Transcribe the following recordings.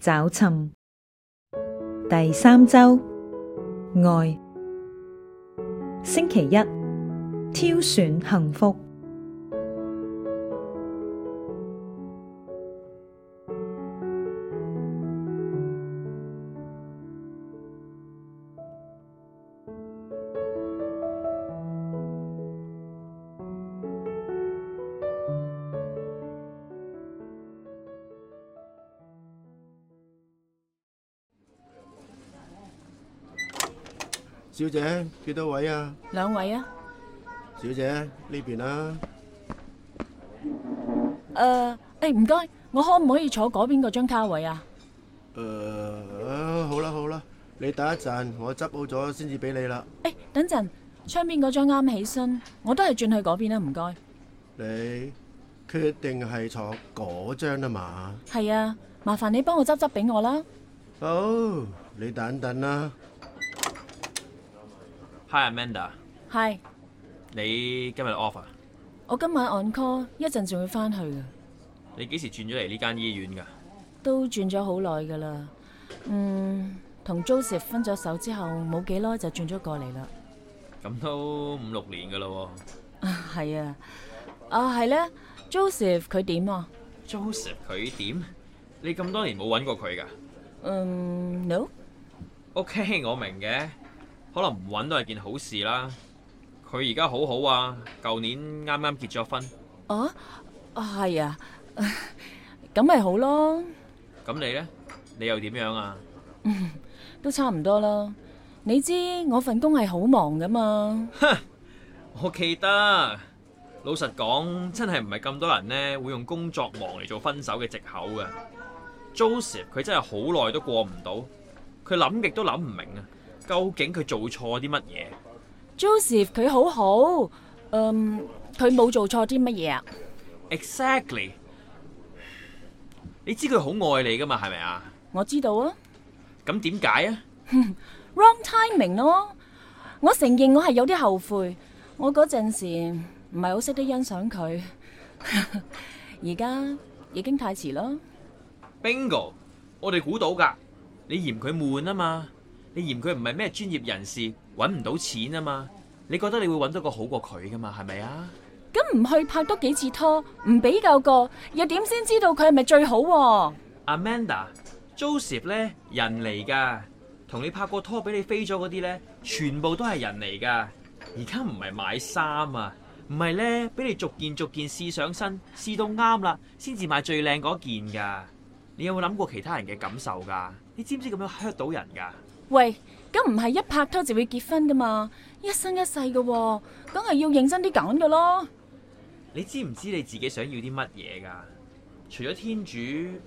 找尋第三週，愛，星期一挑選幸福。小姐，幾多位啊？兩位啊。小姐，呢邊啦、啊。誒、uh, 哎，誒，唔該，我可唔可以坐嗰邊嗰張卡位啊？誒、uh, 啊，好啦好啦，你等一陣，我執好咗先至俾你啦。誒、哎，等陣，窗邊嗰張啱起身，我都係轉去嗰邊啦、啊，唔該。你決定係坐嗰張啊嘛？係啊，麻煩你幫我執執俾我啦。好，oh, 你等等啦。Hi，Amanda。Hi。你今日 off 啊？我今晚 on call，一陣仲要返去噶。你幾時轉咗嚟呢間醫院噶？都轉咗好耐噶啦。嗯，同 Joseph 分咗手之後，冇幾耐就轉咗過嚟啦。咁都五六年噶啦喎。係啊。啊，係咧，Joseph 佢點啊？Joseph 佢點？你咁多年冇搵過佢噶？嗯，no。OK，我明嘅。可能唔揾都係件好事啦。佢而家好好啊，舊年啱啱結咗婚。啊，係啊，咁咪好咯。咁你呢？你又點樣啊？都差唔多啦。你知我份工係好忙噶嘛？哼，我記得，老實講，真係唔係咁多人呢會用工作忙嚟做分手嘅藉口嘅。Joseph 佢真係好耐都過唔到，佢諗極都諗唔明啊。究竟佢做錯啲乜嘢？Joseph 佢好好，嗯，佢冇做錯啲乜嘢啊？Exactly，你知佢好愛你噶嘛？係咪啊？我知道啊，咁點解啊？哼，Wrong timing 咯，我承認我係有啲後悔，我嗰陣時唔係好識得欣賞佢，而家已經太遲啦。Bingo，我哋估到噶，你嫌佢悶啊嘛？你嫌佢唔係咩專業人士，揾唔到錢啊嘛？你覺得你會揾到個好過佢噶嘛？係咪啊？咁唔去拍多幾次拖，唔比較過又點先知道佢係咪最好喎？Amanda，Joseph 咧人嚟噶，同你拍過拖俾你飛咗嗰啲咧，全部都係人嚟噶啊。而家唔係買衫啊，唔係咧俾你逐件逐件試上身，試到啱啦，先至買最靚嗰件噶。你有冇諗過其他人嘅感受噶？你知唔知咁樣 hurt 到人噶？喂，咁唔係一拍拖就會結婚噶嘛？一生一世噶喎，梗係要認真啲揀噶咯。你知唔知你自己想要啲乜嘢噶？除咗天主，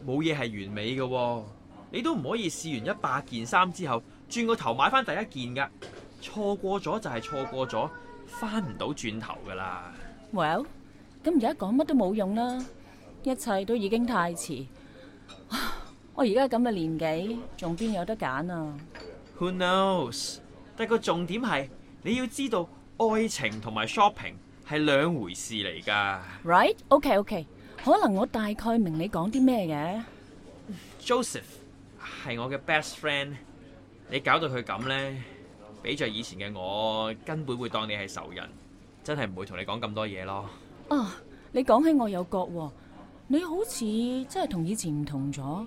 冇嘢係完美噶喎，你都唔可以試完一百件衫之後，轉個頭買翻第一件噶。錯過咗就係錯過咗，翻唔到轉頭噶啦。Well，咁而家講乜都冇用啦，一切都已經太遲。唉，我而家咁嘅年紀，仲邊有得揀啊？Who knows？但個重點係你要知道，愛情同埋 shopping 係兩回事嚟㗎。Right？OK，OK。可能我大概明你講啲咩嘅。Joseph 係我嘅 best friend，你搞到佢咁呢，比著以前嘅我，根本會當你係仇人，真係唔會同你講咁多嘢咯。哦，你講起我有覺喎，你好似真係同以前唔同咗。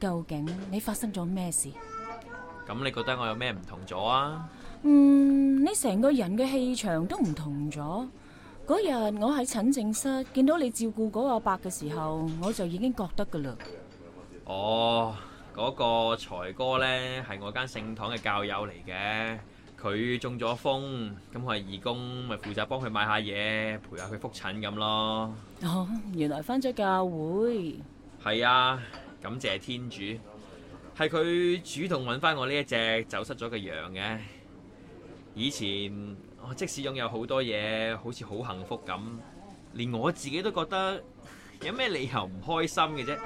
究竟你發生咗咩事？咁你覺得我有咩唔同咗啊？嗯，你成個人嘅氣場都唔同咗。嗰日我喺診症室見到你照顧嗰個阿伯嘅時候，我就已經覺得㗎喇。哦，嗰、那個財哥呢，係我間聖堂嘅教友嚟嘅，佢中咗風，咁我係義工，咪負責幫佢買吓嘢，陪吓佢覆診咁咯、哦。原來返咗教會。係啊，感謝天主。係佢主動搵返我呢一隻走失咗嘅羊嘅。以前我即使擁有好多嘢，好似好幸福咁，連我自己都覺得有咩理由唔開心嘅啫。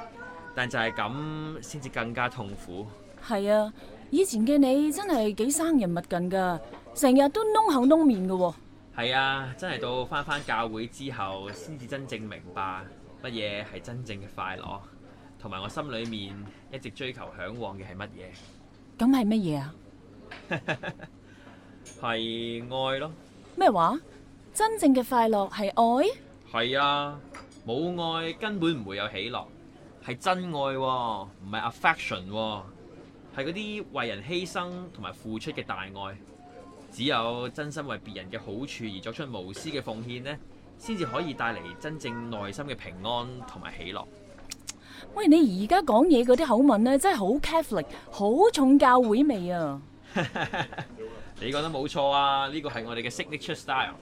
但就係咁先至更加痛苦。係啊，以前嘅你真係幾生人勿近㗎，成日都燶口燶面㗎喎。係啊，真係到返返教會之後，先至真正明白乜嘢係真正嘅快樂。同埋我心裡面一直追求嚮往嘅係乜嘢？咁係乜嘢啊？係 愛咯。咩話？真正嘅快樂係愛？係啊，冇愛根本唔會有喜樂，係真愛喎，唔係 affection 喎，係嗰啲為人犧牲同埋付出嘅大愛。只有真心為別人嘅好處而作出無私嘅奉獻呢，先至可以帶嚟真正內心嘅平安同埋喜樂。喂，你而家講嘢嗰啲口吻咧，真係好 Catholic，好重教會味啊！ 你覺得冇錯啊？呢個係我哋嘅 signature style，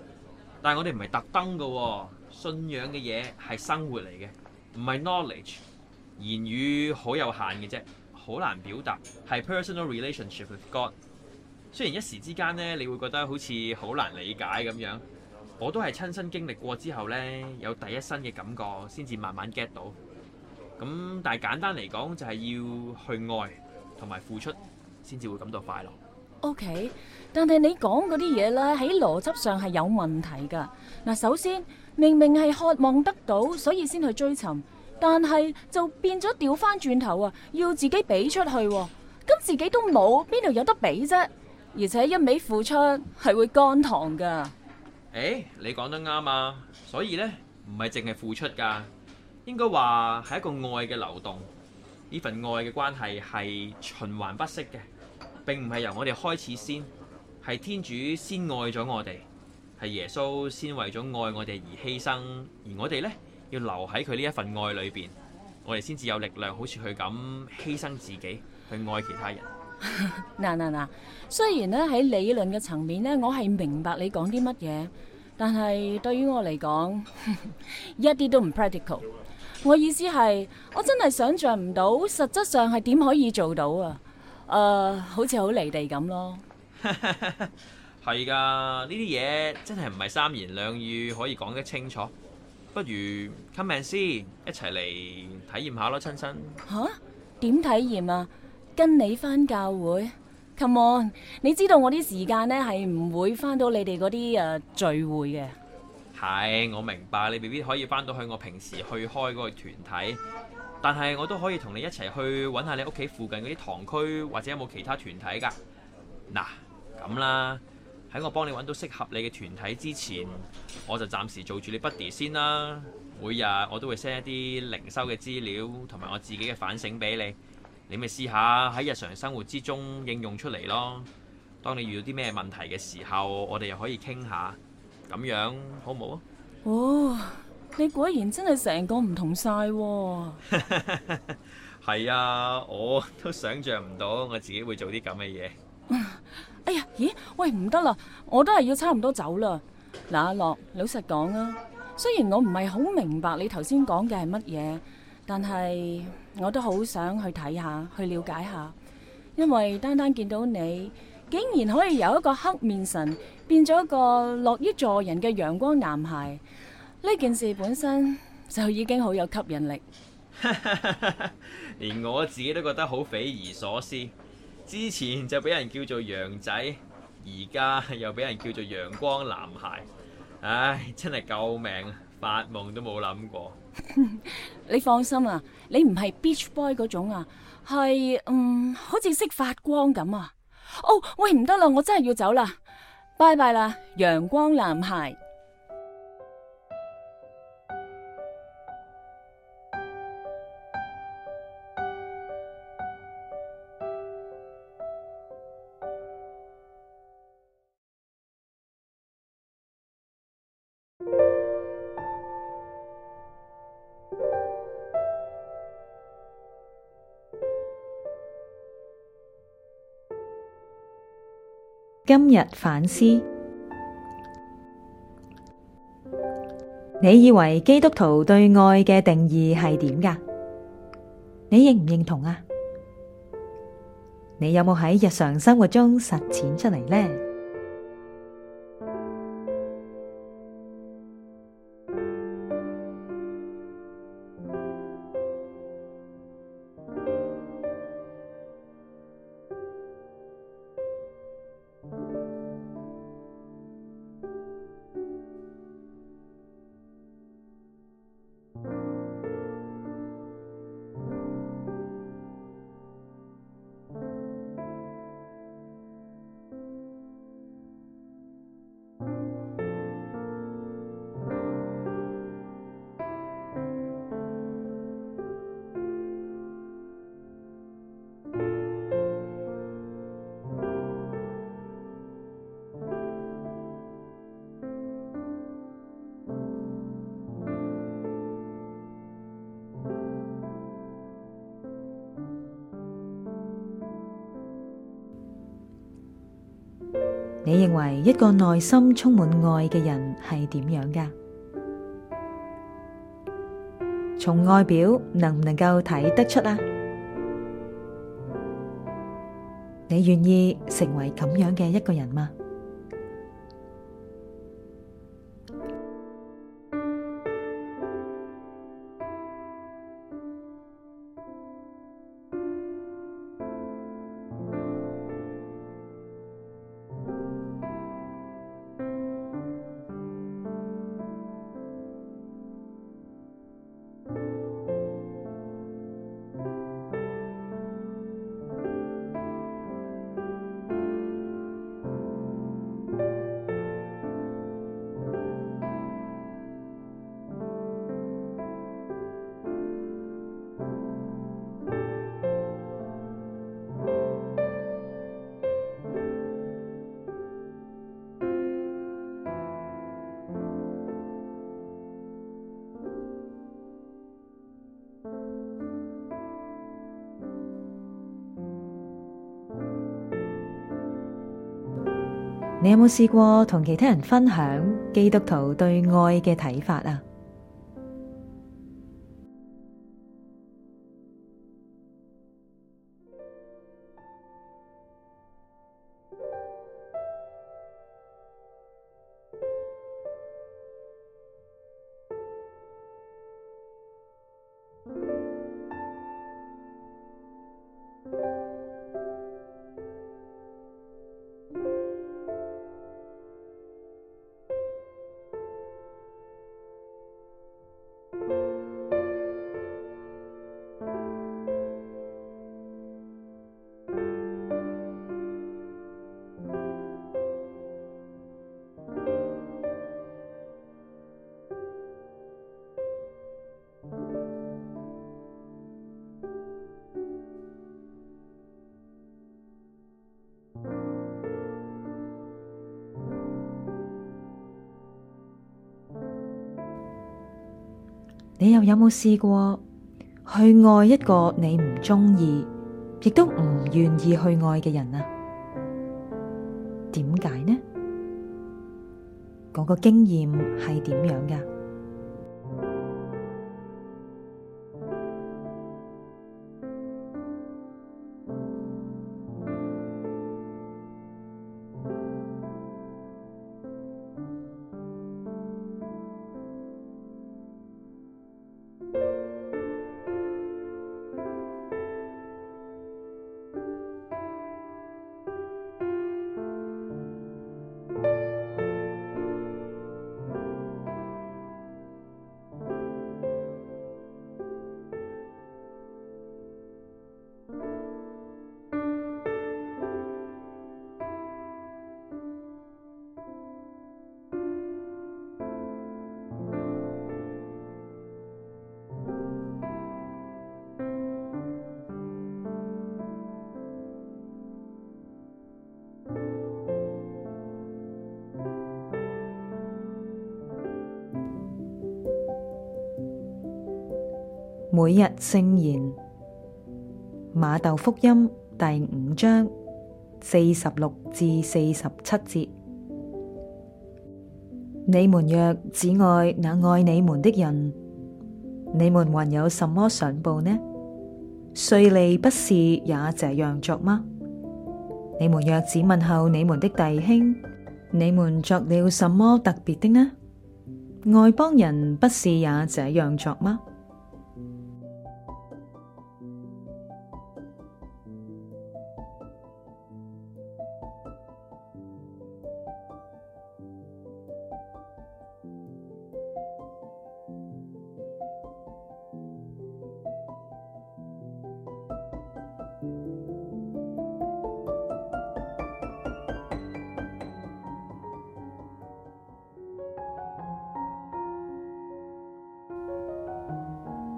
但係我哋唔係特登噶，信仰嘅嘢係生活嚟嘅，唔係 knowledge。言語好有限嘅啫，好難表達，係 personal relationship with God。雖然一時之間咧，你會覺得好似好難理解咁樣，我都係親身經歷過之後咧，有第一身嘅感覺，先至慢慢 get 到。咁但係簡單嚟講就係要去愛同埋付出先至會感到快樂。OK，但係你講嗰啲嘢咧喺邏輯上係有問題噶。嗱，首先明明係渴望得到，所以先去追尋，但係就變咗調翻轉頭啊，要自己俾出去，咁自己都冇，邊度有得俾啫。而且一味付出係會乾塘噶。誒，你講得啱啊，所以咧唔係淨係付出噶。應該話係一個愛嘅流動，呢份愛嘅關係係循環不息嘅，並唔係由我哋開始先，係天主先愛咗我哋，係耶穌先為咗愛我哋而犧牲，而我哋呢，要留喺佢呢一份愛裏邊，我哋先至有力量好似佢咁犧牲自己去愛其他人。嗱嗱嗱，雖然呢喺理論嘅層面呢，我係明白你講啲乜嘢，但係對於我嚟講， 一啲都唔 practical。我意思係，我真係想象唔到，實質上係點可以做到啊？誒，好似好離地咁咯。係㗎，呢啲嘢真係唔係三言兩語可以講得清楚。不如 come on 先，一齊嚟體驗下咯，親身。嚇？點體驗啊？跟你翻教會，come on！你知道我啲時間呢係唔會翻到你哋嗰啲誒聚會嘅。係、哎，我明白你未必可以返到去我平時去開嗰個團體，但係我都可以同你一齊去揾下你屋企附近嗰啲堂區，或者有冇其他團體噶。嗱咁啦，喺我幫你揾到適合你嘅團體之前，我就暫時做住你 buddy 先啦。每日我都會 send 一啲靈修嘅資料同埋我自己嘅反省俾你，你咪試下喺日常生活之中應用出嚟咯。當你遇到啲咩問題嘅時候，我哋又可以傾下。咁樣好唔好啊？哦，你果然真係成個唔同晒。係 啊，我都想象唔到我自己會做啲咁嘅嘢。哎呀，咦？喂，唔得啦，我都係要差唔多走啦。嗱、啊，阿樂，老實講啊，雖然我唔係好明白你頭先講嘅係乜嘢，但係我都好想去睇下，去了解下，因為單單見到你。竟然可以由一個黑面神變咗一個樂於助人嘅陽光男孩，呢件事本身就已經好有吸引力。連我自己都覺得好匪夷所思。之前就俾人叫做陽仔，而家又俾人叫做陽光男孩。唉，真係救命，發夢都冇諗過。你放心啊，你唔係 beach boy 嗰種啊，係嗯，好似識發光咁啊。哦，oh, 喂，唔得啦，我真係要走 bye bye 啦，拜拜啦，陽光男孩。今日反思。你以為基督徒對愛嘅定義係點㗎？你認唔認同啊？你有冇喺日常生活中實踐出嚟呢？你認為一個內心充滿愛嘅人係點樣㗎？從外表能唔能夠睇得出啊？你願意成為咁樣嘅一個人嗎？你有冇試過同其他人分享基督徒對愛嘅睇法啊？你又有冇試過去愛一個你唔鍾意，亦都唔願意去愛嘅人啊？點解呢？嗰個經驗係點樣噶每日聖言，馬竇福音第五章四十六至四十七節：你們若只愛那愛你們的人，你們還有什麼賞報呢？稅吏不是也這樣作嗎？你們若只問候你們的弟兄，你們作了什麼特別的呢？外邦人不是也這樣作嗎？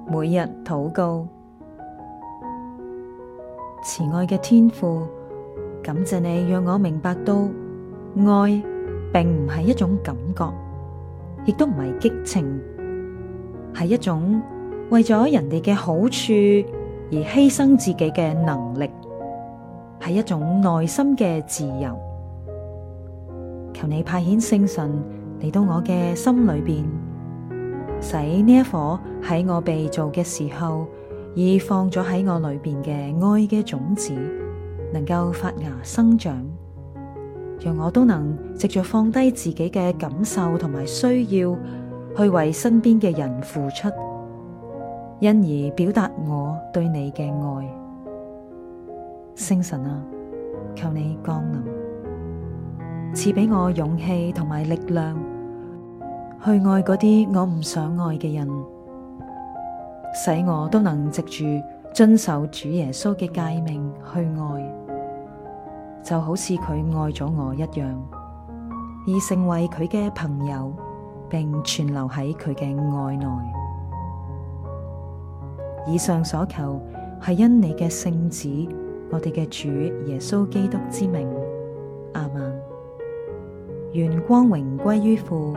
每日禱告，慈愛嘅天父，感謝你讓我明白到愛並唔係一種感覺，亦都唔係激情，係一種為咗人哋嘅好處而犧牲自己嘅能力，係一種內心嘅自由。求你派遣聖神嚟到我嘅心裏邊。使呢一顆喺我被造嘅時候已放咗喺我裏面嘅愛嘅種子，能夠發芽生長，讓我都能藉住放低自己嘅感受同埋需要，去為身邊嘅人付出，因而表達我對你嘅愛。聖神啊，求你降臨，賜俾我勇氣同埋力量。去愛嗰啲我唔想愛嘅人，使我都能藉住遵守主耶穌嘅誡命去愛，就好似佢愛咗我一樣，以成為佢嘅朋友，並存留喺佢嘅愛內。以上所求係因你嘅聖子，我哋嘅主耶穌基督之名，阿曼，願光榮歸於父，